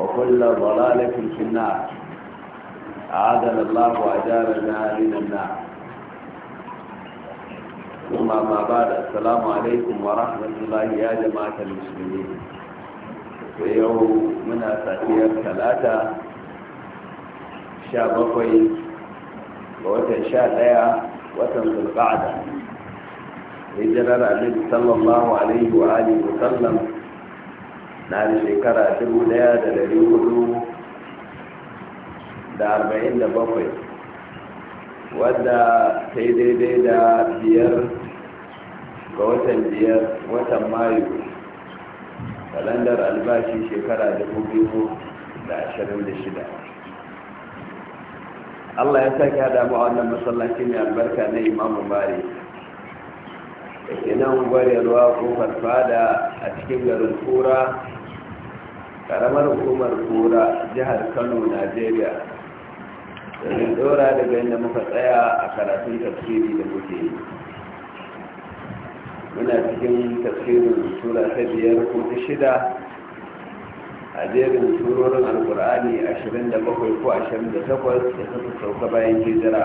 وكل ضلالة في النار أعادنا الله وأجارنا من النار ثم ما بعد السلام عليكم ورحمة الله يا جماعة المسلمين ويوم من الثلاثة ثلاثة شابقين ووتن شاتيا وتن ذو القعدة هجرة النبي صلى الله عليه وآله وسلم na da shekara dubu daya da dari hudu da arba'in da bakwai wadda ta yi daidai da biyar ga watan biyar watan mayu kalandar albashi shekara dubu biyu da ashirin da shida allah ya sake hada ma wannan masallaci mai albarka na imamu bari da ke nan gwarewa ko farfada a cikin garin kura karamar hukumar kura jihar kano najeriya domin dora daga inda muka tsaya a karatun tafsiri da muke yi muna cikin tafsirin sura ta biyar ko ta shida a jerin surorin alkur'ani 27 ko 28 da suka sauka bayan hijira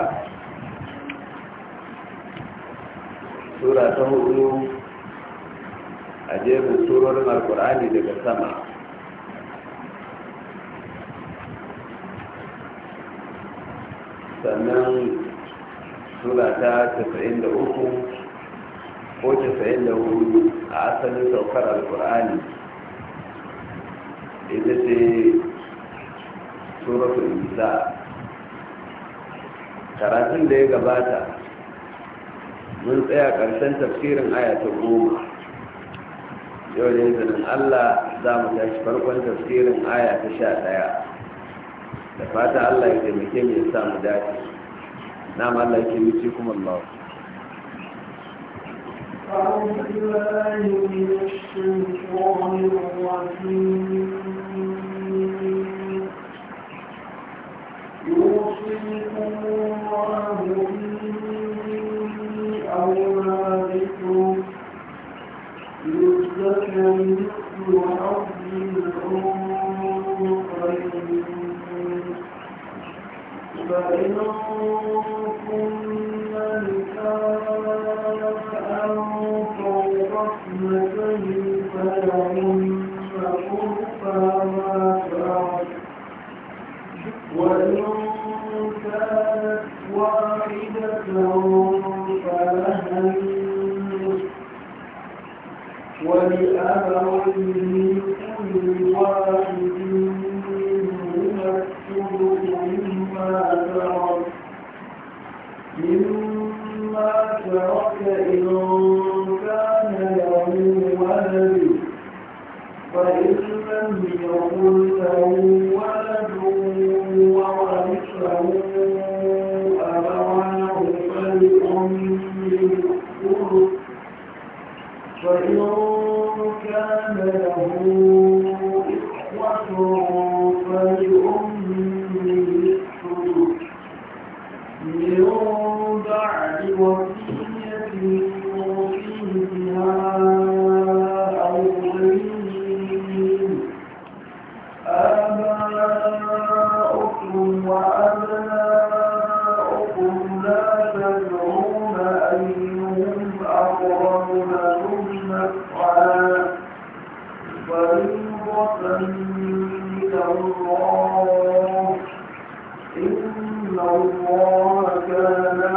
sura ta hudu a jerin surorin alkur'ani daga sama sannan sura ta 93 ko 94 a asalin saukar alkur'ani ita ce suratul nisa karatun da ya gabata mun tsaya ƙarshen tafsirin aya goma yau da izinin allah za mu tashi farkon tafsirin aya ta sha ɗaya da fata Allah ya taimake mu ya sa mu dace na Allah yake wuce kuma Allah يوصيكم الله في للذكر مثل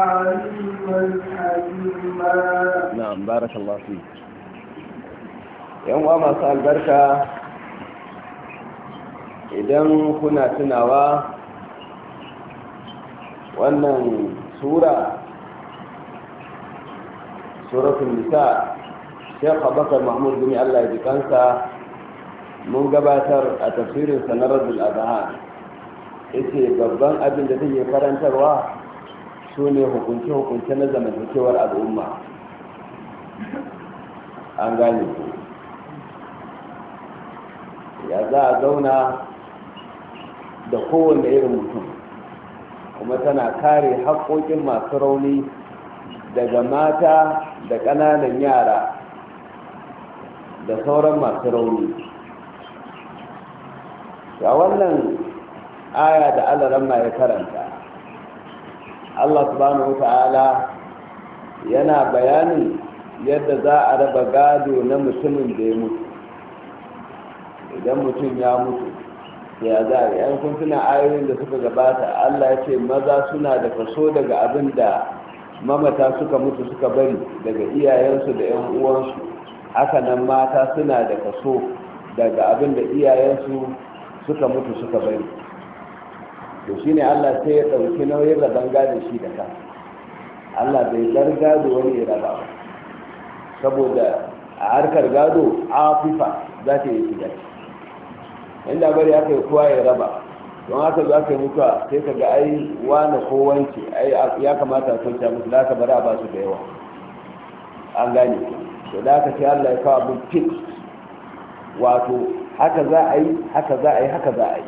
Yan حكيما نعم albarka, idan kuna tunawa wannan sura suratun nisa shekha bakar mahmud gumi allah ya kansa mun gabatar a tafsirin sanarar adha ita babban abin da take karantarwa su ne hukunce-hukunce na zamantakewar al'umma an gane ku ya za a zauna da kowane irin mutum kuma tana kare haƙoƙin masu rauni daga mata da ƙananan yara da sauran masu rauni ga wannan aya da alaramma ya karanta Allah subhanahu ta'ala yana bayanin yadda za a raba gado na mutumin da ya mutu idan mutum ya mutu ya za yan kuntuna ayoyin da suka gabata Allah ya ce maza suna da kaso daga abin da mamata suka mutu suka bari daga iyayensu da yan uwansu haka nan mata suna da kaso daga abin da iyayensu suka mutu suka bari to shine Allah sai ya ɗauki nauyin raban gado shi da ka Allah bai bar gado wani ya raba ba saboda a harkar gado afifa za ta yi shiga inda bari aka yi kowa ya raba don haka za ka yi mutuwa sai ka ga ai wane ko ya kamata a sauke musu za ka bari a basu da yawa an gane to da haka ce Allah ya kawo abin fix wato haka za a yi haka za a yi haka za a yi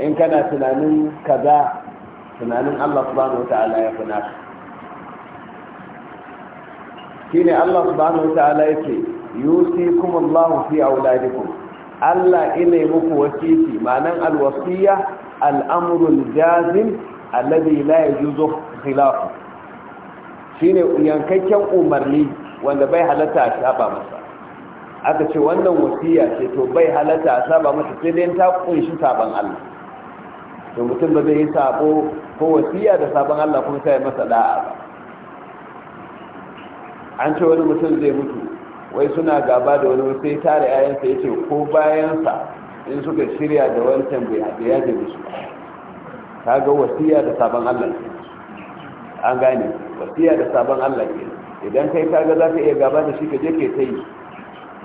in kana tunanin kaza tunanin Allah subhanahu wata'ala ya fi naka shine Allah subhanahu wata'ala yake yusikum Allah fi auladikum Allah ina muku wasiti ma'anan alwasiya al'amrul jazim alladhi la yajuzu khilafu shine yankakken umarni wanda bai halatta a saba masa aka ce wannan wasiya ce to bai halatta a saba masa sai dai ta kunshi saban Allah to mutum ba zai yi sabo ko wasiya da sabon Allah kuma sai masa da'a ba an ce wani mutum zai mutu wai suna gaba da wani sai tare yayansa ya ce ko bayansa in suka shirya da wancan bai haɗe ya da su ta ga wasiya da sabon Allah an gane wasiya da sabon Allah ke idan kai kaga za ka iya gaba da shi ka je ke ta yi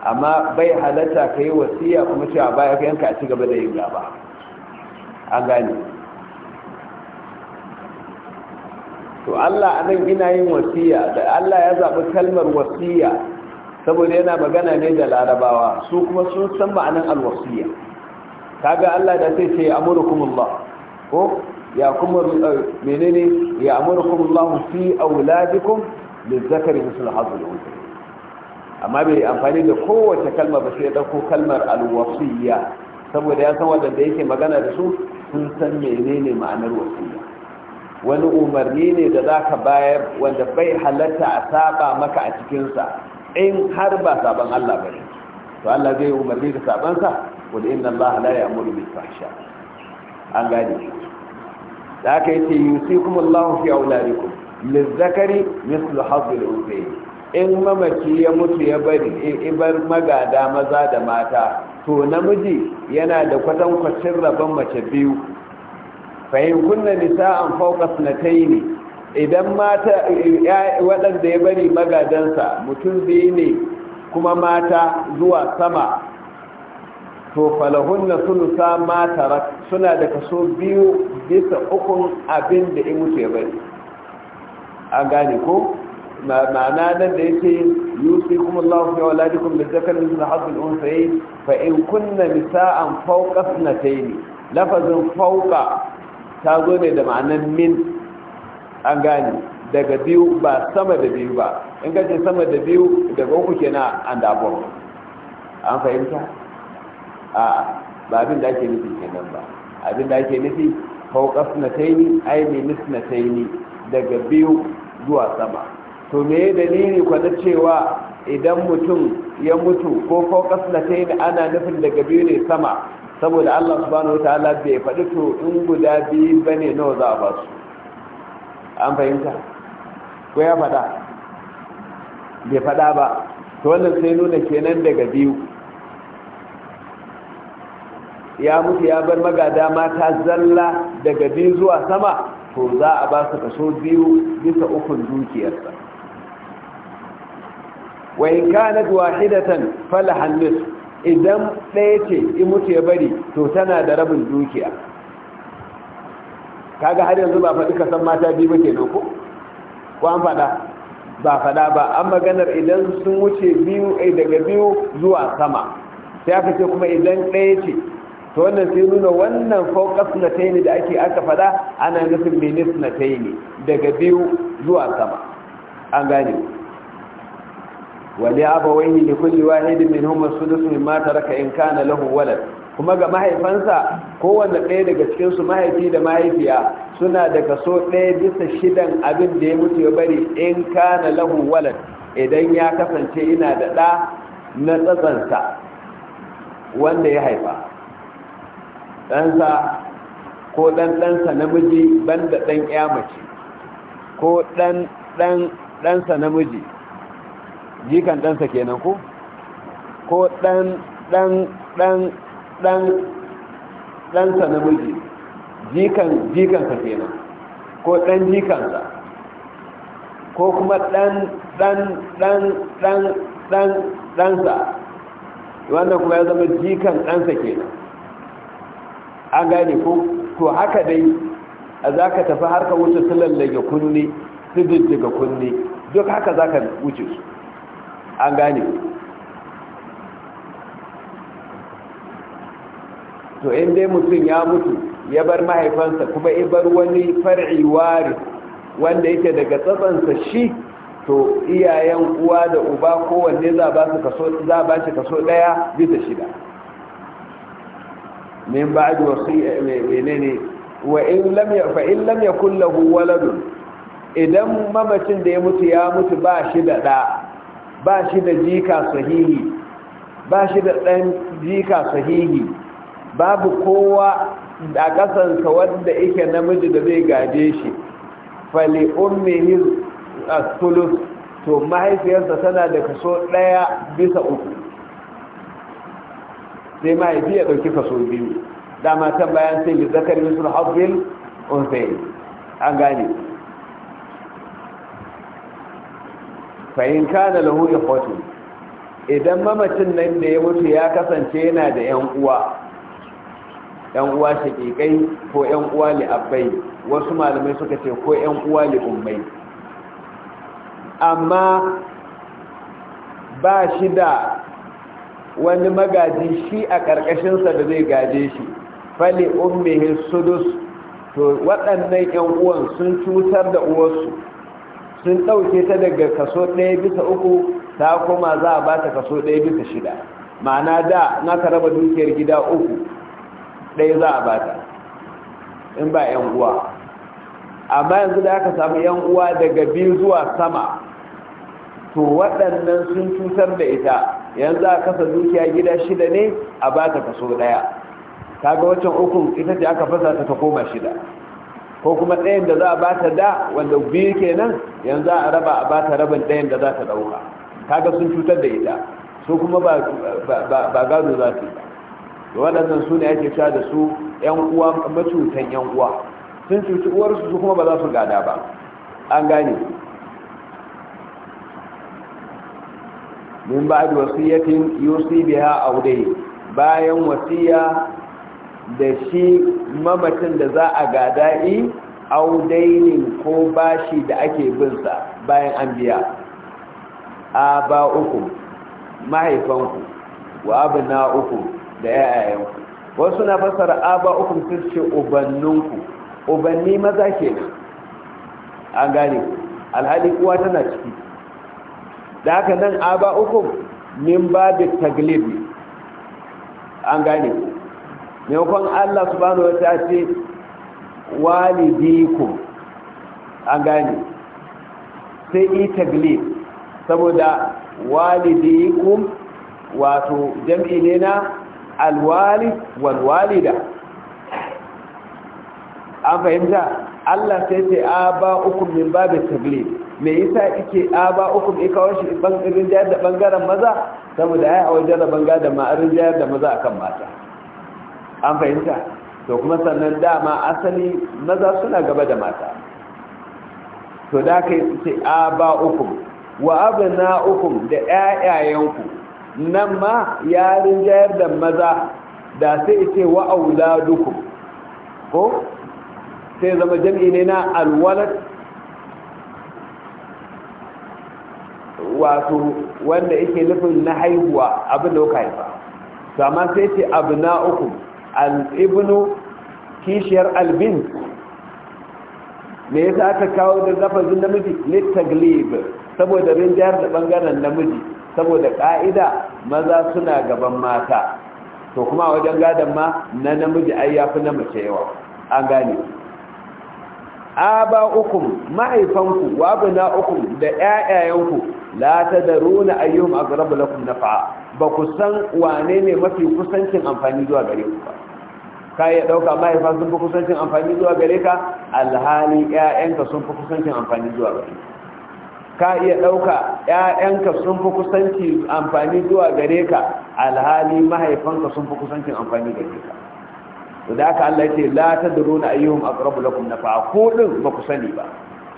amma bai halatta ka yi wasiya kuma cewa baya ka yanka a ci gaba da yin gaba a gane to Allah anan ina yin wasiya da Allah ya zaɓi kalmar wasiya saboda yana magana ne da larabawa su kuma sun san ma'anan alwasiya kaga Allah da sai ce ba ko ya kuma eh, menene ya amurukumullah fi auladikum lizzakari misal hazul unsa amma bai amfani da kowace kalma ba sai ya ɗauko kalmar alwasiya saboda ya san wadanda yake magana da su sun san menene ma'anar wasiya wani umarni ne da za ka bayar wanda bai halatta a saba maka a cikinsa in har ba saban Allah ba ne to Allah zai umarni da sabansa wadda inna Allah la ya'muru bil fahsha an gane da aka yace yusikum Allah fi auladikum lizakari mithlu hadhil unthayayn in mamaki ya mutu ya bari in ibar magada maza da mata to namiji yana da kwatankwacin rabon mace biyu fahim kunna nisa'an fauka yi ne idan mata waɗanda ya bari magadansa mutum biyu ne kuma mata zuwa sama to falahun na sulusa mata suna da kaso biyu bisa ukun abin da ya mutu ya bari a gane ko ma'ana nan da yake yusi kuma Allah fi auladikum bi zakar min hadhi al-unsayi fa in kunna nisa'an fawqa ithnatayn lafazin fawqa ta zo ne da ma'anan min an gane daga biyu ba sama da biyu ba in ka ce sama da biyu daga uku kenan an dabo an fahimta a ba abin da ake nufi kenan ba abin da ake nufi fawqa ithnatayn ay min ithnatayn daga biyu zuwa sama to me dalili kwana cewa idan mutum ya mutu ko ko ta yi ana nufin daga biyu ne sama saboda Allah subhanahu ala bai faɗi to in guda biyu bane nawa za a ba an fahimta ko ya faɗa bai faɗa ba to wannan sai nuna kenan daga biyu ya mutu ya bar magada mata zalla daga biyu zuwa sama to za a ba su kaso biyu bisa ukun dukiyarsa wa in kana wahidatan fala nisf idan daya ce in mutu ya bari to tana da rabin dukiya kaga har yanzu ba faɗi kasan mata biyu ba kenan ko ko an faɗa ba faɗa ba an maganar idan sun wuce biyu eh, daga biyu zuwa sama sai aka ce kuma idan ɗaya ce to wannan sai nuna wannan focus na taini da ake aka faɗa ana nufin minis na taini daga biyu zuwa sama an gane wali ولأبويه لكل واحد منهما السدس مما taraka in kana lahu walad kuma ga mahaifansa kowanne ɗaya daga cikin su mahaifi da mahaifiya suna da kaso ɗaya bisa shidan abin da ya mutu ya bari in kana lahu walad idan ya kasance ina da ɗa na tsatsansa wanda ya haifa ɗansa ko ɗan ɗansa namiji banda ɗan ya mace ko ɗan ɗansa namiji jikan ɗansa kenan ko ko ɗan ɗan ɗan ɗan ɗansa namiji jikan jikansa kenan ko ɗan jikansa ko kuma ɗan ɗan ɗan ɗan ɗan ɗansa wannan kuma ya zama jikan ɗansa kenan an gane ko to haka dai a za ka tafi harka ka wuce su lallage kunne su jijjiga kunne duk haka za ka wuce su an gane to in dai mutum ya mutu ya bar mahaifansa kuma ya bar wani far'i wari wanda yake daga tsatsansa shi to iyayen uwa da uba kowanne za ba shi kaso daya bisa shida min ba da wasu menene wa in lam yakun lahu waladun idan mamacin da ya mutu ya mutu ba shi da da ba shi da jika sahihi ba shi da ɗan jika sahihi babu kowa a ƙasansa wanda yake namiji da zai gaje shi fali ummi as-sulus to mahaifiyarsa tana da kaso ɗaya bisa uku sai mahaifi ya ɗauki kaso biyu dama can bayan sai da zakar yusuf hafil an gane fahim na lahu ikhwatu idan mamacin nan da ya mutu ya kasance yana da yan uwa yan uwa ko yan uwa wasu malamai suka ce ko yan uwa amma ba shi da wani magaji shi a ƙarƙashinsa da zai gaje shi fali ummihi sudus to waɗannan yan uwan sun cutar da uwarsu sun ɗauke ta daga kaso ɗaya bisa uku ta koma za a ba ta kaso ɗaya bisa shida ma'ana da na ka raba dukiyar gida uku ɗaya za a ba ta in ba 'yan uwa amma yanzu da aka samu 'yan uwa daga biyu zuwa sama to waɗannan sun cutar da ita yanzu a kasa dukiya gida shida ne a ba ta kaso ɗaya Ta ga waccan uku, ita ce aka fasa ta ta koma shida ko kuma ɗayan da za a ba ta da wanda biyu kenan yanzu a raba a ba ta rabin ɗayan da za ta ɗauka kaga sun cutar da ita su kuma ba gado za su yi da waɗannan su ne ake sha da su yan uwa macutan yan uwa sun cuci uwarsu su kuma ba za su gada ba an gane min ba da wasiyyatin yusi biha audai bayan wasiya da shi mamacin da za a gada yi audainin ko bashi da ake binsa bayan an biya a ba uku mahaifanku wa abu na uku da yayayenku wasu na fasara a ba uku sun ce ubanninku ubanni maza ke nan an gane alhali kuwa tana ciki da haka nan a ba uku min ba da taglibi an gane ku maimakon Allah subhanahu wa ta ce walidikum an gane sai itaglib saboda walidikum wato jam'i ne na alwalid walwalida an fahimta Allah sai ce a ba uku min mai yi me yasa a ba uku ya kawo shi irin jayar da bangaren maza saboda ya a wajen da bangaren ma'arin jayar da maza akan mata an fahimta to kuma sannan dama asali maza suna gaba da mata to da ka yi ce a ba uku, wa abu na uku da ƴaƴayenku nan ma ya rinjayar da maza da sai ce wa auladukum ko sai zama jam'i ne na alwalad wato wanda yake nufin na haihuwa abin da kuka haifa sama sai ce abu na uku. al'ibnu kishiyar albin me yasa aka kawo da zafazin namiji littaglib saboda rinjiyar da ɓangaren namiji saboda ƙa'ida, maza suna gaban mata to kuma wajen gadon ma na namiji ai fi na mace yawa an gane aba uku ma'aifanku wa abna da ƴaƴayenku la tadaruna ayyuhum aqrabu lakum naf'a ba ku san wane ne mafi kusancin amfani zuwa gare ku ba ka iya ɗauka mahaifa sun fi kusancin amfani zuwa gare ka alhali ƴaƴanka sun fi kusancin amfani zuwa gare ka iya ɗauka ƴaƴanka sun fi kusanci amfani zuwa gare ka alhali mahaifanka sun fi kusancin amfani gare ka to da haka Allah ce la tadruna ayyuhum aqrabu lakum nafa'a ko din ba ku sani ba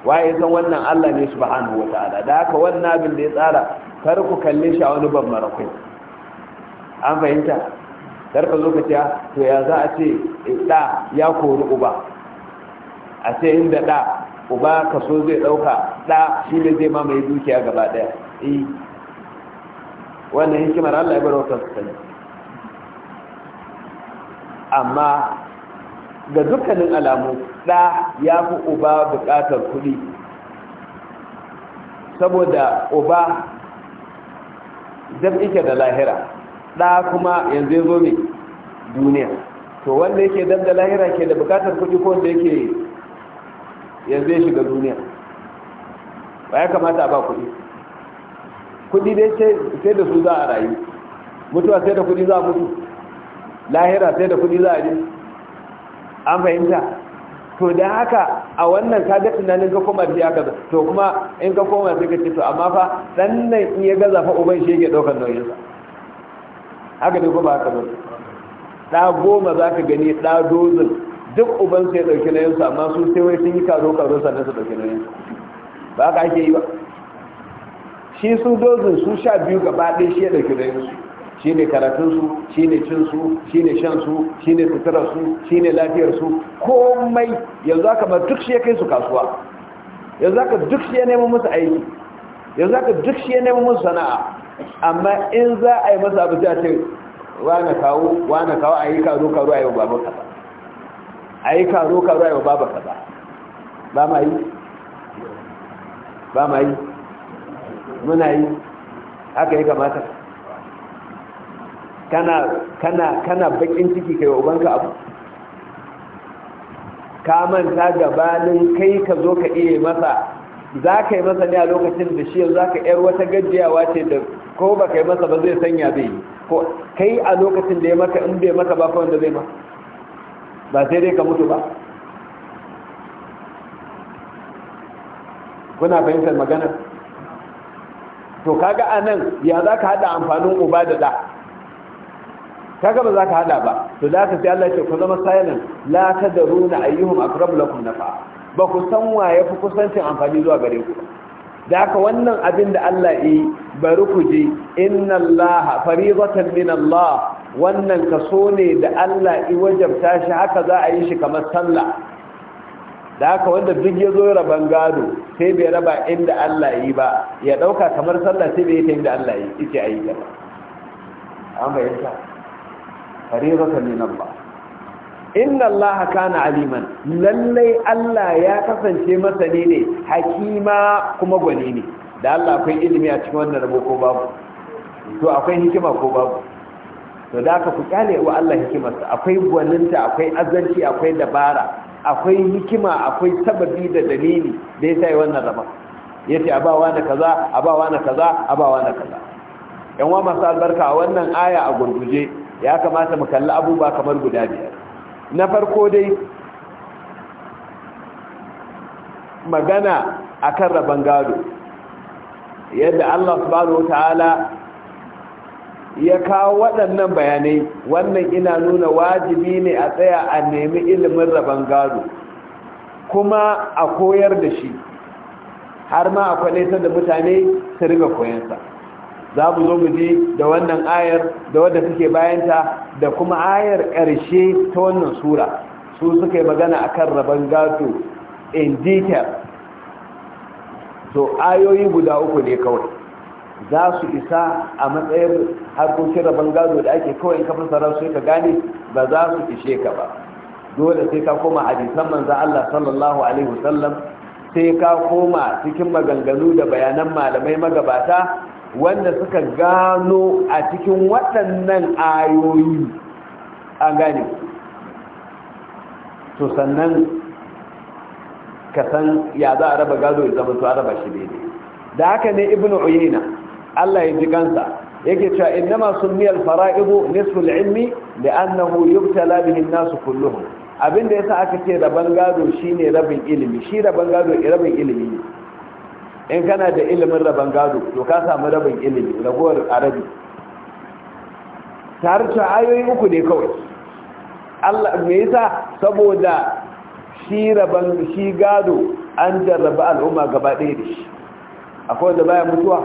waye san wannan Allah ne subhanahu wataala da haka wannan abin da ya tsara kar ku kalle shi a wani bambaran kai an fahimta karka lokaci ah, to ya za a ce da eh, ya kori uba a ce inda da uba kaso zai ɗauka da shi ne zai mamaye dukiya gaba daya eh wannan hikimar Allah ya bar wata sani amma ga dukkanin alamu ɗa ya fi uba bukatar kuɗi saboda uba zai ike da lahira ɗa kuma yanzu ya zo mai duniya to wanda yake dab da lahira ke da bukatar kuɗi ko wanda yake yanzu ya shiga duniya ba ya kamata a ba kuɗi kuɗi dai sai da su za a rayu mutuwa sai da kuɗi za a mutu lahira sai da kuɗi za a ji an fahimta to da haka a wannan kaga tunanin ka koma da aka to kuma in ka koma sai ka ce to amma fa dan nan in ya gaza fa uban shi yake daukar nauyinsa haka dai ba haka ba da goma za ka gani da dozin duk uban sai dauki na yansu amma su sai wai sun yi karo karo sannan su dauki na yansu ba ka ake yi ba shi su dozin su sha biyu gaba ɗaya shi ya dauki na yansu shi ne karatunsu shi ne cinsu shi ne shansu shi ne suturarsu shi ne lafiyarsu komai yanzu aka ba duk shi ya kai su kasuwa yanzu aka duk shi ya neman musu aiki yanzu aka duk shi ya neman musu sana'a amma in za a yi masa abuja ta ce wane kawo wane kawo a yi karo karo a yi wa babu kaza a yi karo karo a yi wa babu kaza ba ma yi ba ma yi muna yi haka yi kamata kana kana kana bakin ciki kai ubanka abu ka manta gabanin kai ka zo ka iya masa za ka yi masa ne a lokacin da shi yanzu za ka yar wata gajiyawa ce da ko ba ka yi masa ba zai sanya bai yi ko kai a lokacin da ya maka in bai maka ba fa wanda zai ma ba sai dai ka mutu ba kuna fahimtar magana to kaga a nan ya za ka haɗa amfanin uba da ɗa kaga ba za ka haɗa ba to da ka sai Allah ce ku zama silent la tadaruna ayyuhum aqrabu lakum nafa'a ba ku san waye fi kusancin amfani zuwa gare ku da haka wannan abin da Allah yi bari ku ji inna Allah fariqatan min Allah wannan kaso ne da Allah yi wajabta shi haka za a yi shi kamar sallah da haka wanda duk ya zo raban gado sai bai raba inda Allah yi ba ya dauka kamar sallah sai bai yi ta inda Allah yi yake ayyuka gaba an bayyana fariqatan min Allah inna allaha kana aliman lallai Allah ya kasance masani ne hakima kuma gwani ne da Allah akwai ilimi a cikin wannan rabo ko babu to akwai hikima ko babu to da aka ku kyale wa Allah hikimarsa akwai gwaninta akwai azanci akwai dabara akwai hikima akwai sababi da dalili da yasa yi wannan rabo yace abawa na kaza abawa na kaza abawa na kaza yan wa masu albarka wannan aya a gurguje ya kamata mu kalli abubuwa kamar guda biyar na farko dai magana akan rabon gado yadda Allah subhanahu ta'ala ya kawo waɗannan bayanai wannan ina nuna wajibi ne a tsaya a nemi ilimin rabon gado kuma a koyar da shi har ma a kwanatar da mutane su riga koyansa za mu zo mu ji da wannan ayar da wadda suke bayanta da kuma ayar ƙarshe ta wannan sura su suka magana a kan rabon gato in detail to ayoyi guda uku ne kawai za su isa a matsayin harkokin rabon gado da ake kawai ka fassara sai ka gane ba za su ishe ka ba dole sai ka koma hadisan manzo Allah sallallahu alaihi wasallam sai ka koma cikin maganganu da bayanan malamai magabata wanda suka gano a cikin waɗannan ayoyi a gani to sannan ka san ya za a raba gado ya zama su a raba shi daidai da haka ne ibn uyina Allah ya ji kansa yake cewa inna masu miyar fara'idu nisful ilmi annahu yubtala bihi an-nas kulluhum abinda yasa aka ce raban gado shine rabin ilimi shi rabon gado rabin ilimi ne in kana da ilimin rabon gado to ka samu rabin ilimi ragowar arabi tarce ayoyi uku ne kawai Allah me yasa saboda shi rabon shi gado an jarraba al'umma gaba ɗaya da shi akwai wanda baya mutuwa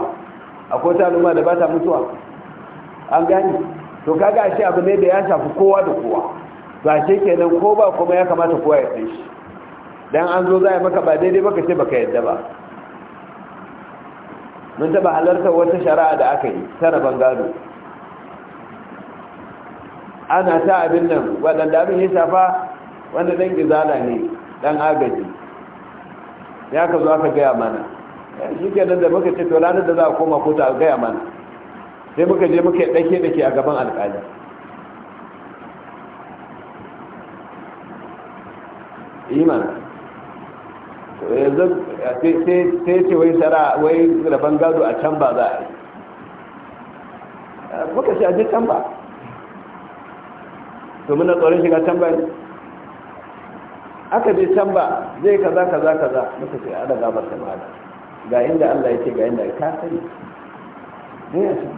akwai ta al'umma da ba ta mutuwa an gani to kaga shi abu ne da ya shafi kowa da kowa ba shi kenan ko ba kuma ya kamata kowa ya san shi dan an zo za a maka ba daidai baka ce baka yadda ba mun taba halartar wata shari'a da aka yi ta rabon gado ana ta abin nan waɗanda abin ya shafa wanda ɗan gizala ne ɗan agaji ya ka zo aka gaya mana shi nan da muka ce to ranar da za a koma kota a gaya mana sai muka je muka ɗake ke a gaban alƙali imana yanzu eh, sai ce wai sara wai rabon gado a can ba za a yi eh, muka shi aje can ba to muna tsoron shiga can ba ne aka je can ba zai kaza kaza kaza muka ce ana gabar da mada ga inda allah ya ce ga inda ka sani ya sani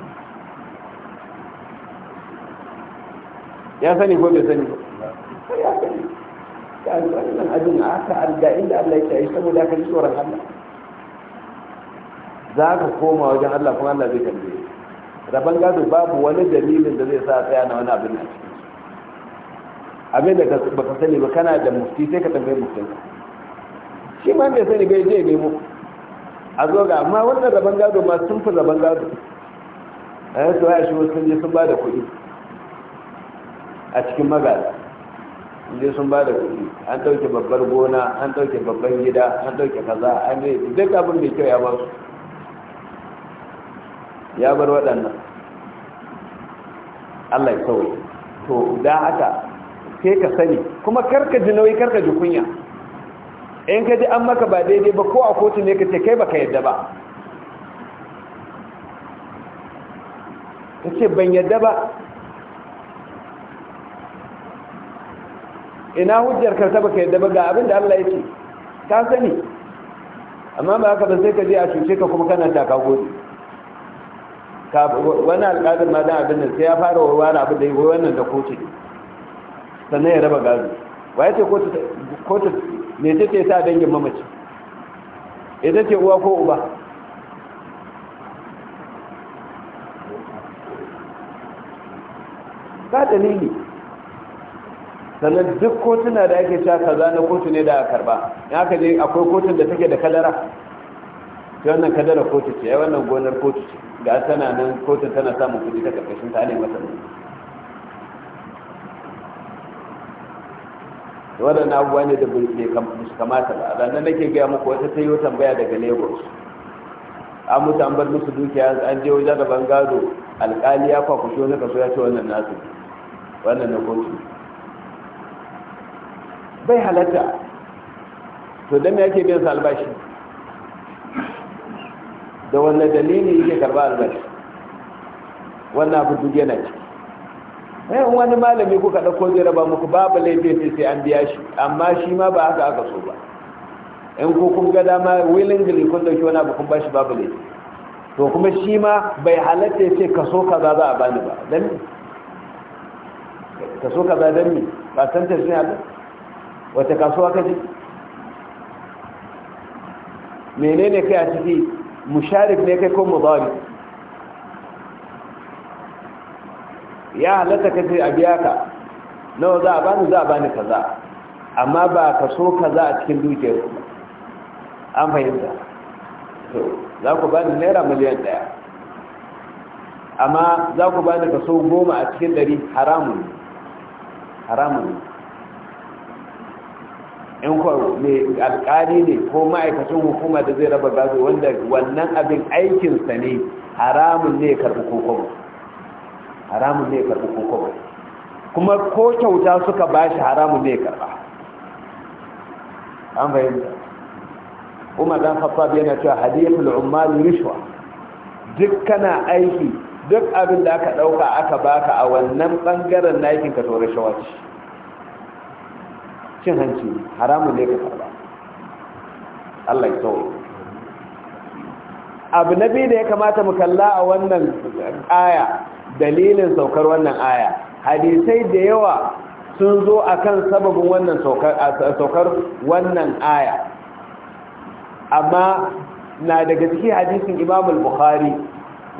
ya sani ko bai sani ba ya sani Ka ga wannan abin aka arga inda Allah ya yi saboda ka ji tsoron Allah za ka koma wajen Allah kuma Allah zai tambaye rabon gado babu wani dalilin da zai sa tsaya na wani abin a ciki abin da ba ka sani ba kana da mufti sai ka tambaye muftin shi ma bai sani bai je nemo a zo ga amma wannan rabon gado ma sun fi rabon gado a eh, yanzu ya shi wasu sun je sun ba da kuɗi a cikin magana inda sun ba da kuɗi an ɗauke babbar gona an ɗauke babban gida an ɗauke kaza an yi duk abin da kyau ya ba su ya bar waɗannan allah ya kawai to da haka sai ka sani kuma karka ji nauyi karka ji kunya in ka ji an maka ba daidai ba ko a kotu ne ka ce kai ba ka yadda ba ka ce ban yadda ba ina hujjar karta baka yadda ba ga abin da Allah yake ka sani amma ba haka ba sai ka je a cuce ka kuma kana taka gode ka wani alƙalin ma dan abin nan sai ya fara warware abin da yi wannan da kotu ne sannan ya raba gado waye ce kotu kotu ne ce ce sa dangin mamaci ita ce uwa ko uba ka dalili sannan duk kotuna da ake cewa kaza na kotu ne da karba in aka je akwai kotun da take da kadara sai wannan kadara kotu ce ai wannan gonar kotu ce ga tana nan kotun tana samun kuɗi ta karkashin ta ne mata wadannan abubuwa ne da bai kamata ba a ranar nake gaya muku wata ta yi tambaya daga lagos an mutu an bar musu dukiya an je wajen gaban gado alkali ya kwakwashe wani kaso ya ce wannan nasu wannan na kotu bai halatta to dan yake biyan sa albashi da wannan dalili yake karba albashi wannan abu duk yana ci eh wani malami kuka ko zai ba muku babu laifi sai an biya shi amma shi ma ba haka aka so ba in ko kun ga dama willingly kun dauki wani abu kun bashi babu laifi to kuma shi ma bai halatta ya ce kaso kaza za a bani ba dan kaso kaza dan ni ba san ta shi ne wata kasuwa kaji menene kai a ciki musharif ne kai ko mudari ya halatta ka ce a biya ka nawa za a bani za a bani kaza amma ba ka so kaza a cikin dukiyar an fahimta to za ku bani naira miliyan daya amma za ku bani kaso goma a cikin dari haramun haramun in ko mai alƙali ne ko ma'aikacin hukuma da zai raba gado wanda wannan abin aikinsa ne haramun ne ya karɓi kokowa haramun ne ya karɓi kokowa kuma ko kyauta suka ba shi haramun ne ya karɓa an fahimta umar dan khattab yana cewa hadiyatul ummal rishwa duk kana aiki duk abin da aka dauka aka baka a wannan bangaren nakin ka to rishwa ce cin hanci haramun ne ka karba Allah ya tsawo abu na biyu da ya kamata mu kalla a wannan aya dalilin saukar wannan aya hadisai da yawa sun zo akan sababin wannan saukar wannan aya amma na daga cikin hadisin Imam al-Bukhari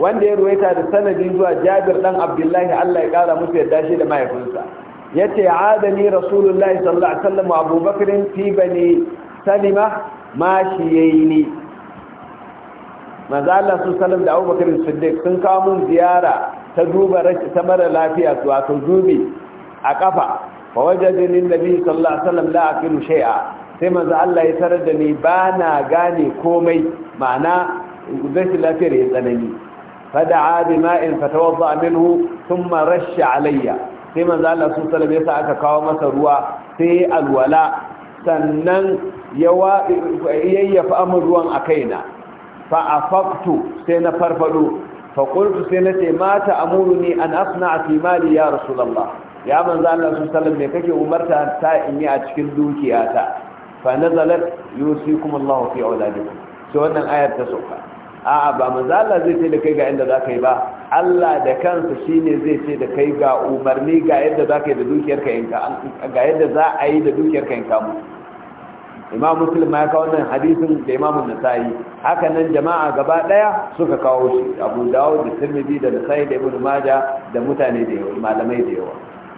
wanda ya ruwaita da sanadin zuwa Jabir dan Abdullahi Allah ya kara musu yadda shi da mahaifinsa yace adani rasulullahi sallallahu alaihi wasallam abubakar fi bani salima mashiyaini manzo Allah su sallam da abubakar siddiq sun kawo mun ziyara ta duba rashi ta mara lafiya su wato dubi a kafa fa wajadani nabi sallallahu alaihi wasallam la akilu shay'a sai manzo Allah ya tarar da ni bana gane komai ma'ana rashin lafiyar ya tsanani fada'a bima'in fatawadda minhu thumma rashsha alayya sai manzo Allah su salame yasa aka kawo masa ruwa sai alwala sannan ya yayyafa amma ruwan a kaina fa afaqtu sai na farfado fa qultu sai na ce mata amuruni an asna fi mali ya rasulullah ya manzo Allah su salame me kake umarta ta in yi a cikin dukiyata fa nazalat yusikum Allah fi auladikum sai wannan ayar ta sauka a'a ba manzo Allah zai ce da kai ga inda zaka yi ba Allah da kansa shine zai ce da kai ga umarni ga yadda za ka yi da dukiyarka yanka ga yadda za a yi da dukiyarka yanka mu imam muslim ya kawo wannan hadisin da imam nasa'i haka nan jama'a gaba daya suka kawo shi abu dawud da tirmidhi da nasa'i da ibnu maja da mutane da yawa malamai da yawa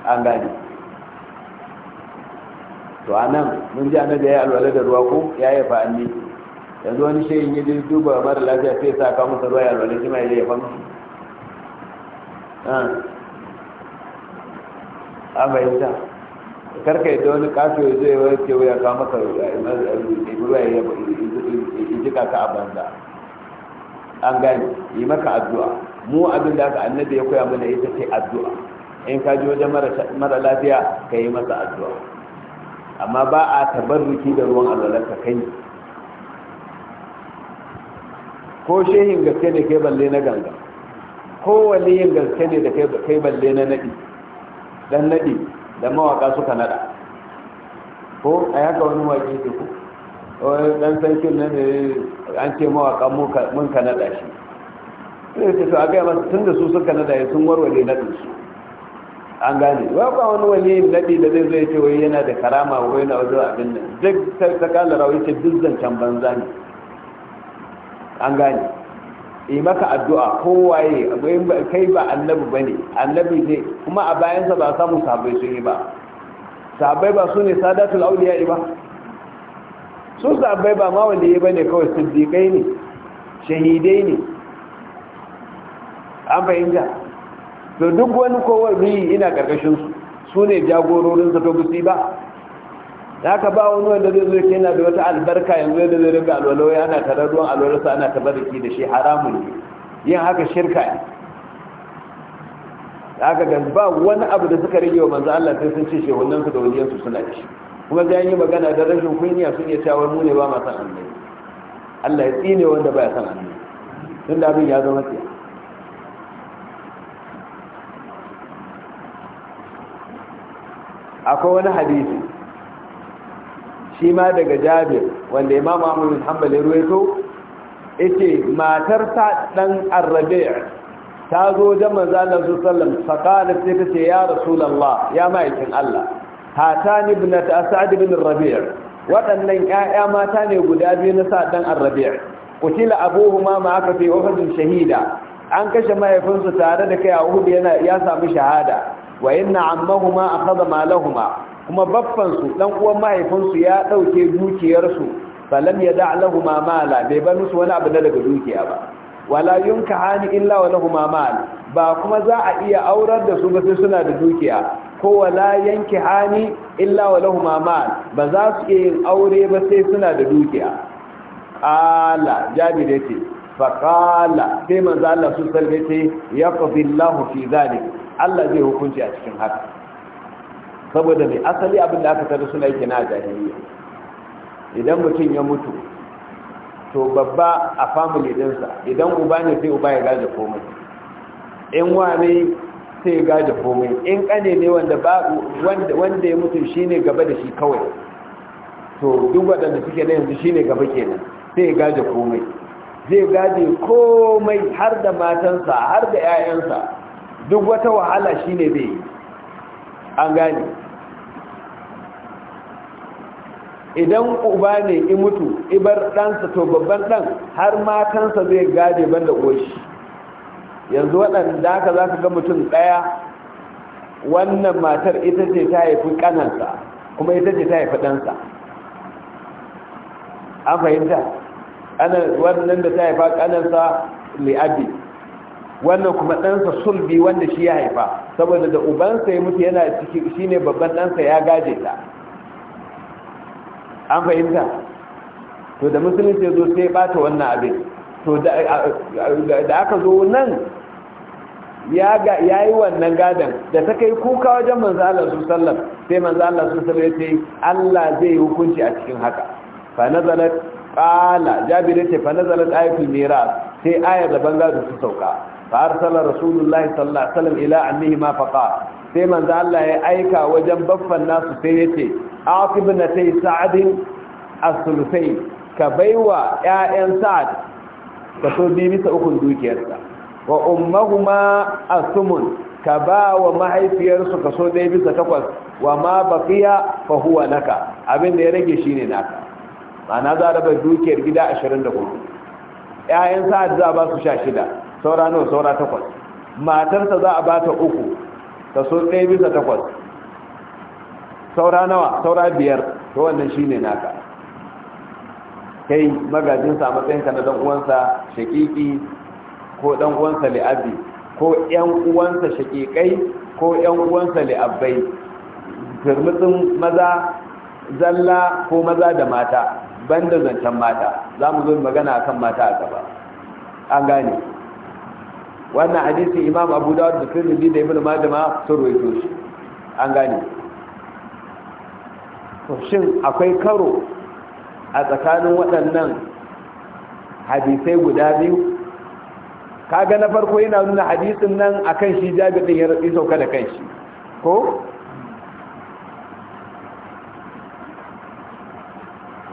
an gani to anan mun ji annabi ya alwala da ruwa ko ya yi fa'ani yanzu wani shehin ya duba mara lafiya sai ya sa ka masa ruwa ya alwala shi mai ya fa a ah. ah, bayyanta karka yi doni kafin yi zai wani ke wuya ka maka ruwa ya ji a banza an gani yi maka addu'a mu abin da aka annabi ya koya mana ita ce addu'a in ka ji wajen mara lafiya ka yi masa addu'a amma ba a ruki da ruwan alwalarka kai ko shehin gaske ne ke balle na ganga kowane yin gaske ne da kai balle na naɗi dan naɗi da mawaka suka naɗa ko a yaka wani waje ne ku wani dan sankin na ne an ce mawaka mun ka naɗa shi sai su a gaya masu tun da su suka naɗa ya sun warware naɗin su an gane ba wani wani naɗi da zai zai ce wai yana da karama wai na wajen abin nan duk ta kala rawai ce duk zancen banza ne an gane yi maka addu'a kowaye kai ba annabi ba ne annabi ne kuma a bayansa ba samu sabai sun yi ba sabai ba su ne sadatul auliya ba su sabai ba ma wanda ya ne kawai siddiƙai ne shahidai ne an fahimta to duk wani kowar ina ƙarƙashinsu su ne jagororinsa to gusi ba da haka ba wani wanda zai zo yana da wata albarka yanzu yadda zai rika alwala ya ana tararruwan ruwan alwalarsa ana tabariki da shi haramun ne yin haka shirka ne da haka ga ba wani abu da suka rage wa manzo Allah sai sun ce shehunan su da wajensu suna da shi kuma zai yi magana da rashin kunya sun iya cewa mu ne ba ma san annabi Allah ya tsine wanda ba ya san annabi tun da abin ya zama tsiya akwai wani hadisi shi ma daga jabir wanda imam ahmad bin ya ruwaito yace matar ta dan Arabiya. ta zo da manzo Allah sallallahu alaihi sai ta ce ya rasulullah ya ma'aikin Allah hatan ibnat as'ad ibn rabi' waɗannan ƴaƴa mata ne guda biyu na sa dan arrabi' kutila abuhuma ma aka fi uhudin shahida an kashe mahaifinsu tare da kai a uhud yana ya samu shahada wa inna a akhadha malahuma kuma babbansu dan uwan mahaifinsu ya dauke dukiyarsu falam yada lahu ma mala bai bar musu wani abu na daga dukiya ba wala hani illa wa lahu ma mal ba kuma za a iya aurar da su ba sai suna da dukiya ko wala hani illa wa lahu ma mal ba za su iya yin aure ba sai suna da dukiya ala ce yace qala sai manzo Allah su salme ce fi zalik Allah zai hukunci a cikin haka saboda mai asali abin da aka tara suna yake na jahiliya idan mutum ya mutu to babba a family dinsa idan uba ne sai uba ya gaje komai in wane sai ya gaje komai in kane ne wanda ba wanda ya mutu shine gaba da shi kawai to duk waɗanda suke na yanzu shine gaba kenan sai ya gaje komai zai gaje komai har da matansa har da 'ya'yansa duk wata wahala shine zai yi an gane idan uba ne i mutu ibar ɗansa to babban ɗan har matansa zai gade banda ƙoshi yanzu waɗanda aka za ka ga mutum ɗaya wannan matar ita ce ta haifi ƙanansa kuma ita ce ta haifi ɗansa an fahimta wannan da ta haifa ƙanansa li'abi wannan kuma ɗansa sulbi wanda shi ya haifa saboda da ubansa ya mutu yana ciki shi ne babban ɗansa ya gaje ta an fahimta to da musulunci ya zo sai ɓata wannan abin to da aka zo nan ya yi wannan gadon da ta kai kuka wajen Allah su sallam sai Allah su sallam ya ce allah zai yi hukunci a cikin haka fa nazalat ƙala jabirai ce fa nazalat ayatul miras sai ayar da bangado su sauka فأرسل رسول الله صلى الله عليه وسلم إلى عمهما فقال سيما ذا الله يأيكا وجنبف الناس سيتي أعطي ابنتي سعد الثلثين كبيوة يا سعد كتوبي بيس أخن دوكيرتا وأمهما الثمن كبا ومعي في يرسو كسودي بيس تقوس وما بقي فهو لك أبن يرجي شيني ناك أنا ذا رب دوكير جدا أشرن لكم يا إنسان ذا باسو شاشدا saura nawa saura takwas matarsa za a ba ta uku so ɗaya bisa takwas saura nawa saura biyar to wannan shine naka kai magajinsa a matsayinka na dan uwansa shakiki ko dan uwansa li'abi ko ƴan uwansa shakikai ko ƴan uwansa li'abbai turmutsin maza zalla ko maza da mata banda zancen mata za mu zo magana kan mata a gaba an gane wannan hadisi imam abu dawud da tirmidhi da ibnu majah ma sun rawaito shi an gane to shin akwai karo a tsakanin waɗannan hadisai guda biyu kaga na farko yana nuna hadisin nan akan shi jabi din ya rabi sauka da kanshi ko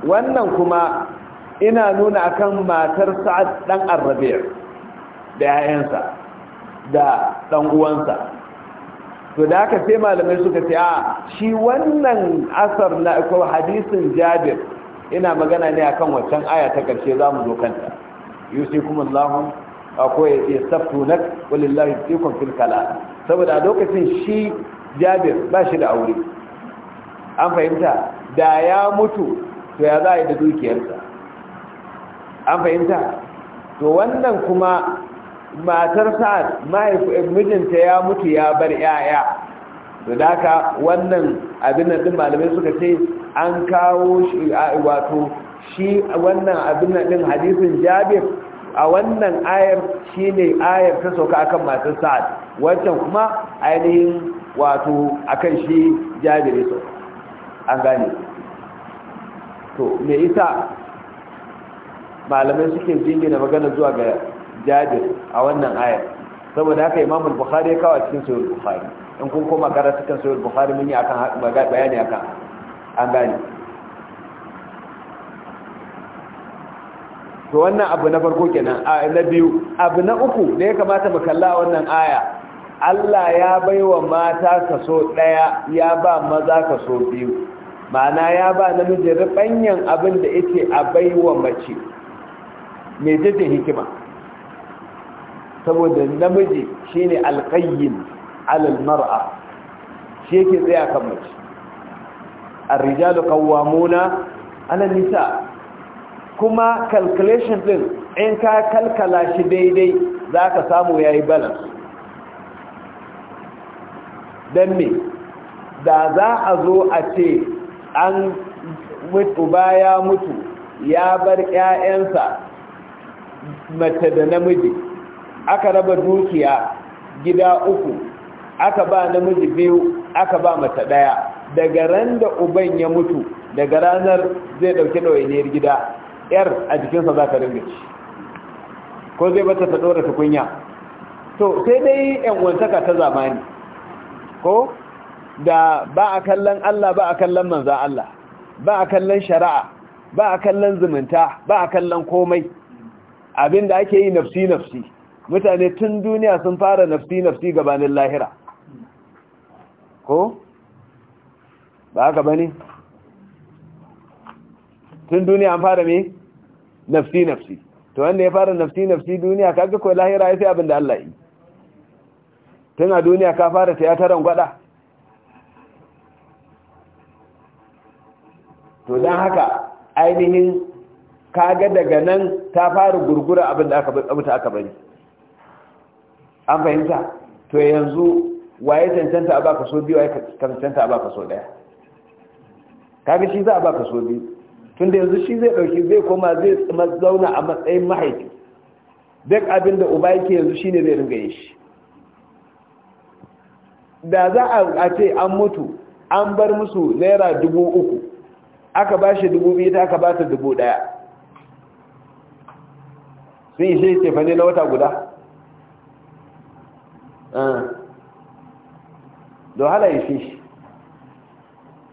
wannan kuma ina nuna akan matar sa'ad dan arrabi' da 'ya'yansa da ɗan uwansa to da aka sai malamai suka ce a ah, shi wannan asar na ko hadisin jabir ina magana ne akan waccan aya ta karshe za mu zo kanta yusikum allahu akwai yastaftunak walillahi yusikum fil kala saboda lokacin shi jabir ba shi da aure an fahimta da ya mutu to ya za a yi da dukiyarsa an fahimta to wannan kuma matar sa'ad mijinta ya mutu ya bar 'ya'ya da daga wannan abin da din malamai suka ce an kawo shi wato shi wannan abin da din hadisin jabir a wannan ayar shi ne ayar ta sauka akan matar sa'ad wancan kuma ainihin wato akan shi jabir so an gane to me yasa malamai suke jingina magana zuwa ga jabir a wannan ayar saboda haka imam al-bukhari ya kawo cikin sahih bukhari in kun koma karatu kan sahih bukhari mun yi akan bayani akan an gane to wannan abu na farko kenan a na biyu abu na uku da ya kamata mu kalla wannan aya Allah ya baiwa mata kaso daya ya ba maza kaso biyu ma'ana ya ba namiji rubanyan abin da yake a baiwa mace me take hikima saboda namiji shine alqayyin alal mar'a shi yake tsaya kan mace ar-rijalu qawwamuna 'ala nisa kuma calculation din in ka kalkala shi daidai zaka samu yayi balance dan me da za a zo a ce an mutu baya mutu ya bar 'ya'yansa mace da namiji aka raba dukiya gida uku aka ba namiji biyu aka ba mata daya daga ran da uban ya mutu daga ranar zai da ɗawainiyar gida yar a jikinsa za ta ringa ci ko zai bata ta ɗora tukunya to sai dai yan wantaka ta zamani ko da ba a kallon Allah ba a kallon manzan Allah ba a kallon shari'a ba a kallon zumunta ba a kallon komai abinda ake yi nafsi nafsi mutane tun duniya sun fara nafsi-nafsi gabanin lahira ko ba haka ba ne tun duniya an fara mai nafsi-nafsi to wanda ya fara nafsi-nafsi duniya kaga ko lahira ya sai abin da Allah yi tun a duniya ka fara tiyataran gwada to don haka ainihin kaga daga nan ta fara gurgura abin da aka bari an fahimta to yanzu waye cancanta a baka so biyu waye cancanta a baka so daya kaga shi za a baka so biyu tunda yanzu shi zai dauki zai koma zai zauna a matsayin mahaifi duk abin da uba yake yanzu shine zai ringa yin shi da za a ce an mutu an bar musu naira dubu uku aka ba shi dubu biyu ta aka ba su dubu daya sun yi shi ce fane na wata guda da hala ya fi shi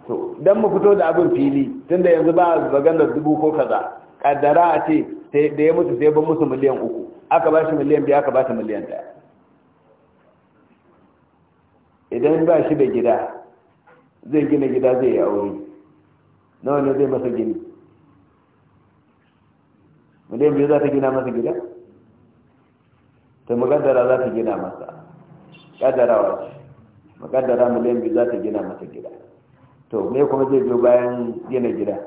to don mu fito da abin fili tun da yanzu ba a maganar dubu ko kaza kaddara a ce da ya mutu sai ban musu miliyan uku aka ba shi miliyan biyu aka ba ta miliyan daya idan ba shi da gida zai gina gida zai yi aure nawa ne zai masa gini miliyan biyu za ta gina masa gida ta magaddara za ta gina masa kaddarawa ce makaddara miliyan biyu za ta gina mata gida to me kuma zai biyo bayan gina gida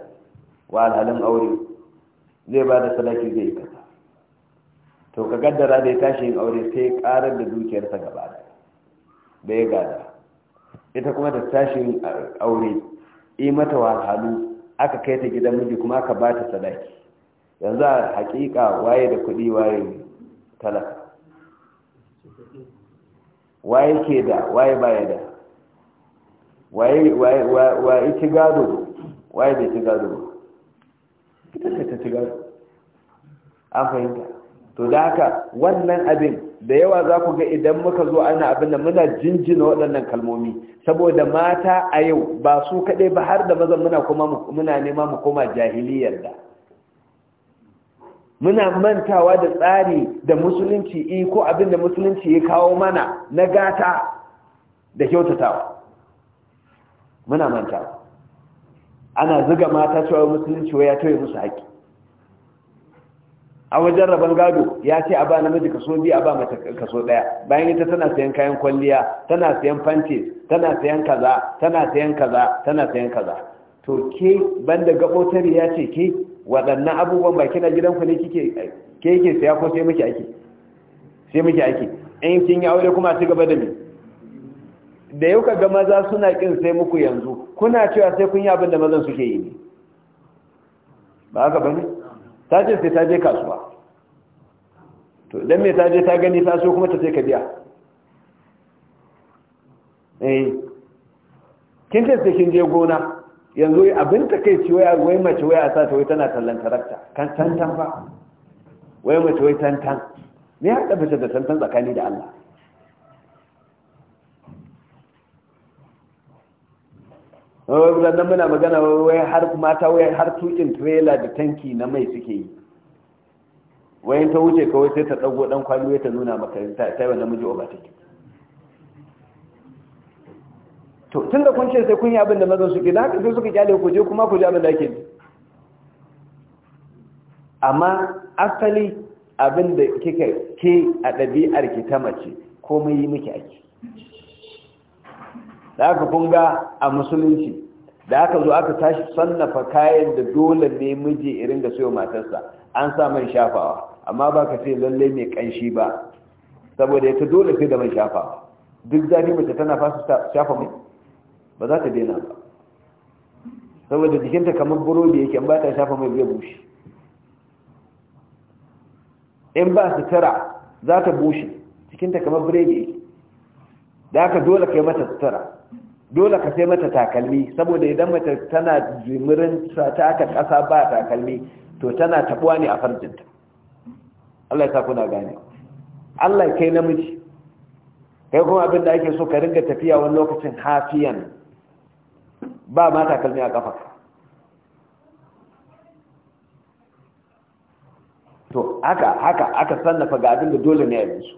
wa alhalin aure zai ba da sadaki zai kasa to ka kaddara da ya tashi yin aure sai karar da dukiyarsa gaba da ya gada ita kuma da tashi yin aure yi mata wahalhalu aka kai ta gidan miji kuma aka ba ta sadaki yanzu a hakika waye da kuɗi waye talaka waye ke da waye baya da waye waye ci gado waye da ci gado kita ce ta ci gado an fahimta to da haka wannan abin da yawa za ku ga idan muka zo ana abin da muna jinjina waɗannan kalmomi saboda mata a yau ba su kaɗai ba har da mazan muna kuma muna nema mu koma jahiliyar da muna mantawa da tsari da musulunci eh, ko abin da musulunci ya kawo mana na gata da kyautatawa muna mantawa ana zuga mata cewa musulunci ya toye musu haƙi a wajen rabon gado ya ce a ba namiji kaso biyu a ba mata kaso ɗaya bayan ita tana sayan kayan kwalliya tana sayan fanti, tana sayan kaza tana sayan kaza tana sayan kaza to ke banda gaɓotar ya ce ke waɗannan abubuwan ba kina gidanku ne kike ke yake saya ko sai miki ake sai miki ake in kin yi aure kuma ci gaba da ni da yau kaga maza suna kin sai muku yanzu kuna cewa sai kun yi abin da mazan suke yi ne ba haka bane ta ce sai ta je kasuwa to dan me ta je ta gani ta so kuma ta sai ka biya eh kin ce sai kin je gona yanzu abin ta kai ci waya wai mace waya sa ta wai tana tallan tarakta kan tantan fa wai mace wai tantan me ya da bace da tantan tsakani da Allah wannan muna magana wai har mata wai har tukin trailer da tanki na mai suke yi wayan ta wuce kawai sai ta dago ɗan kwali ta nuna maka ta yi wa namiji obatakin to tun da kun ce sai kun yi abin da mazan suke da haka sai suka kyale ku je kuma ku ji abin da ake amma asali abin da kika ke a ɗabi'ar ki ta mace komai yi miki ake da aka kunga a musulunci da aka zo aka tashi sannafa kayan da dole ne miji irin da sayo matarsa an sa man shafawa amma ba ka ce lalle mai kanshi ba saboda ya ta dole sai da man shafawa duk zafi mace tana fasa shafa mai ba za ta daina ba saboda jikinta kamar burodi yake an ba ta shafa mai zai bushe in ba sutura za ta bushe jikinta kamar burodi yake da aka dole ka yi mata sutura dole ka sai mata takalmi saboda idan mata tana jimirin ta aka kasa ba takalmi to tana tabuwa ne a farjinta Allah ya sa kuna gane Allah kai namiji kai kuma abin da ake so ka ringa tafiya wani lokacin hafiyan ba ma takalmi a kafa to haka haka aka sannafa ga abin da dole ne yanzu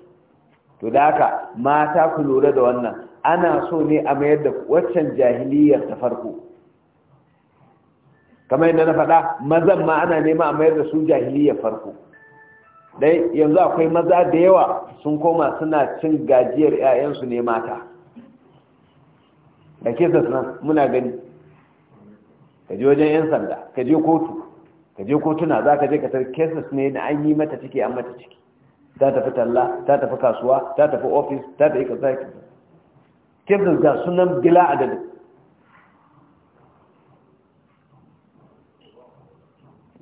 to da haka mata ku lura da wannan ana so ne a mayar da waccan jahiliyar ta farko kamar yadda na faɗa mazan ma ana nema a mayar da su jahiliyar farko dai yanzu akwai maza da yawa sun koma suna cin gajiyar 'ya'yansu ne mata da kesas nan muna gani ka je wajen 'yan sanda ka je kotu ka je kotuna za ka je ka tar kesas ne da an yi mata ciki an mata ciki ta tafi talla ta tafi kasuwa ta tafi ofis ta tafi kasa kesas ga sunan bila adadin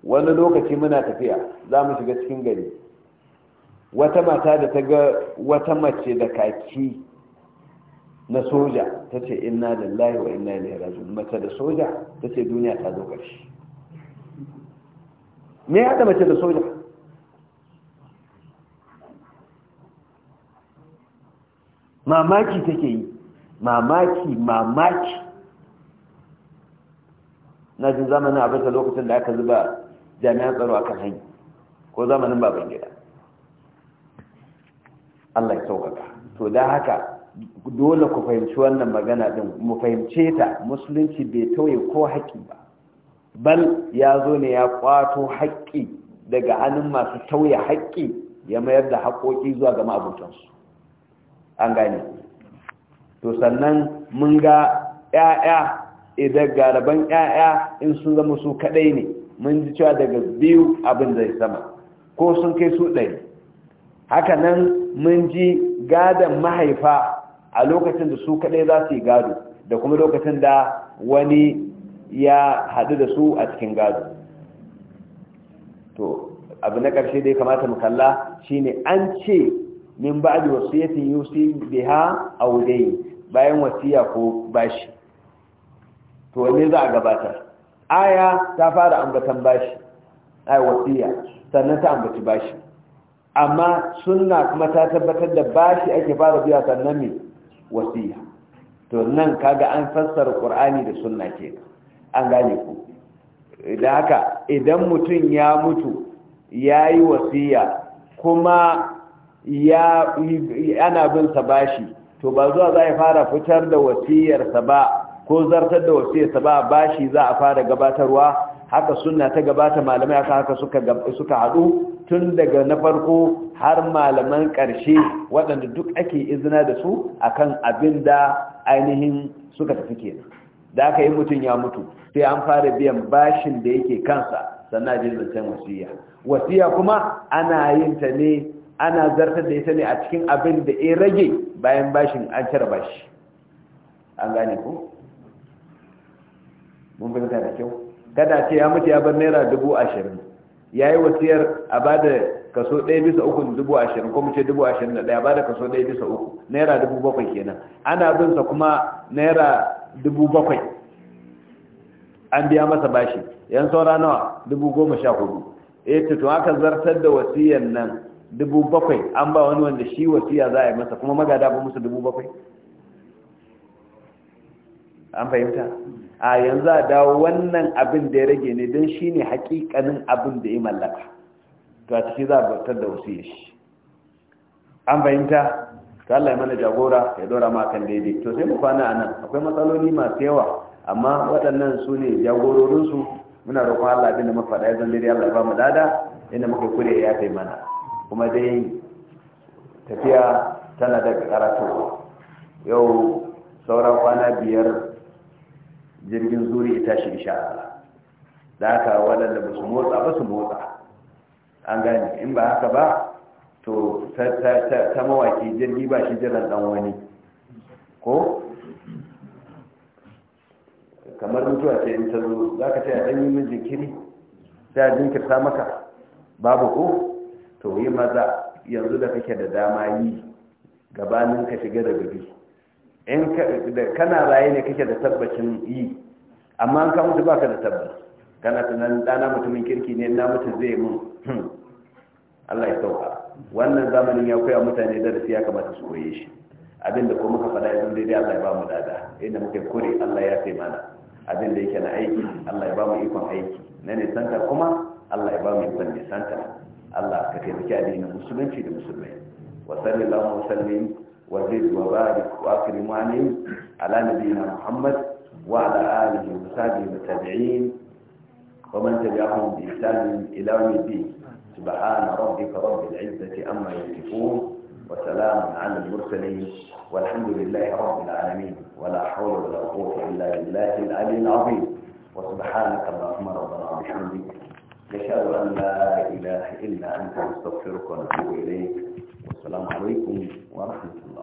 wani lokaci muna tafiya za mu shiga cikin gari wata mata da ta ga wata mace da kaki na soja ta ce inna lillahi wa ina ilaihi raji'un mace da soja ta ce duniya ta zo ƙarshe me ya ta mace da soja mamaki take yi mamaki mamaki na jin zamanin abinta lokacin da aka zuba jami'an tsaro akan hanyar ko zamanin Babangida, gida Allah ya sauƙaƙa to da haka dole ku fahimci wannan magana din mu fahimce ta musulunci bai tauye ko haƙƙi ba bal ya zo ne ya kwato haƙƙi daga hannun masu tauye haƙƙi ya mayar da haƙoƙi zuwa ga ma'abutansu an gane to sannan mun ga ƴaƴa idan garaban ƴaƴa in sun zama su kaɗai ne mun ji cewa daga biyu abin zai sama ko sun kai su ɗari haka nan mun ji gadon mahaifa a lokacin da su kaɗai za su yi gado da kuma lokacin da wani ya haɗu da su a cikin gado to abu na ƙarshe da kamata mu kalla shine an ce min ba'di wasiyatin yusi biha aw dayn bayan wasiya ko bashi to wanne za a gabatar aya ta fara ambatan bashi ai wasiya sannan ta ambaci bashi amma sunna kuma ta tabbatar da bashi ake fara biya sannan me wasiya to nan kaga an fassara qur'ani da sunna ke an gane ku da haka idan mutum ya mutu yayi wasiya kuma ya ana bin sa bashi to ba zuwa za fara fitar da wasiyarsa ba ko zartar da wasiyarsa ba bashi za a fara gabatarwa haka sunna ta gabata malamai aka haka suka haɗu tun daga na farko har malaman ƙarshe waɗanda duk ake izina da su akan abin da ainihin suka tafi kenan da aka yi mutum ya mutu sai an fara biyan bashin da yake kansa sannan ajin zancen wasiya wasiya kuma ana yin ta ne ana zartar da ita ne a cikin abin da ya rage bayan bashin an cire bashi an gane ku mun fahimta da kyau kada ce ya mutu ya bar naira dubu ashirin ya yi wasiyar a ba da kaso ɗaya bisa uku dubu ashirin ko ce dubu ashirin da ɗaya ba da kaso ɗaya bisa uku naira dubu bakwai kenan ana sa kuma naira dubu bakwai an biya masa bashi yan saura nawa dubu goma sha hudu eh to aka zartar da wasiyan nan dubu bakwai an ba wani wanda shi wasiya za a yi masa kuma magada ba musu dubu bakwai an fahimta a yanzu a dawo wannan abin da ya rage ne don shi ne hakikanin abin da ya mallaka to a ciki za a bautar da wasu shi an fahimta ta Allah ya mana jagora ya dora ma kan daidai to sai mu kwana a nan akwai matsaloli masu yawa amma waɗannan su ne jagororinsu muna roƙon Allah abin da mafaɗa faɗa ya zan Allah ya ba mu dada inda muka kure ya kai mana kuma dai tafiya tana daga karatu yau sauran kwana biyar jirgin zuri ya tashi isha da aka waɗanda ba su motsa ba su motsa an gani in ba haka ba to ta mawaki jirgi ba shi jiran ɗan wani ko kamar mutuwa ce in ta zo za ka ce a ɗan yi min jinkiri sai a jinkirta maka babu ko to yi maza yanzu da kake da dama yi gabanin ka shiga da gabi in kana raye ne kake da tabbacin yi amma an kama ba ka da tabbas kana tunanin ɗana mutumin kirki ne na mutu zai mun hmm. Allah ya sauka wannan zamanin ya koya mutane darasi ya kamata su koye shi abinda ko muka faɗa yanzu dai Allah ya ba mu dada inda muke kure Allah ya sai mana abinda yake na aiki Allah ya ba mu ikon aiki na santa kuma Allah ya ba mu ikon santa Allah ka taimaki addinin musulunci da musulmai wa sallallahu wa sallam وزد وبارك واكرم عليه على نبينا محمد وعلى اله وصحبه المتابعين ومن تبعهم باحسان الى يوم الدين سبحان ربك رب العزه عما يصفون وسلام على المرسلين والحمد لله رب العالمين ولا حول ولا قوه الا بالله العلي العظيم وسبحانك اللهم ربنا وبحمدك نشهد ان لا اله الا انت نستغفرك ونتوب اليك والسلام عليكم ورحمه الله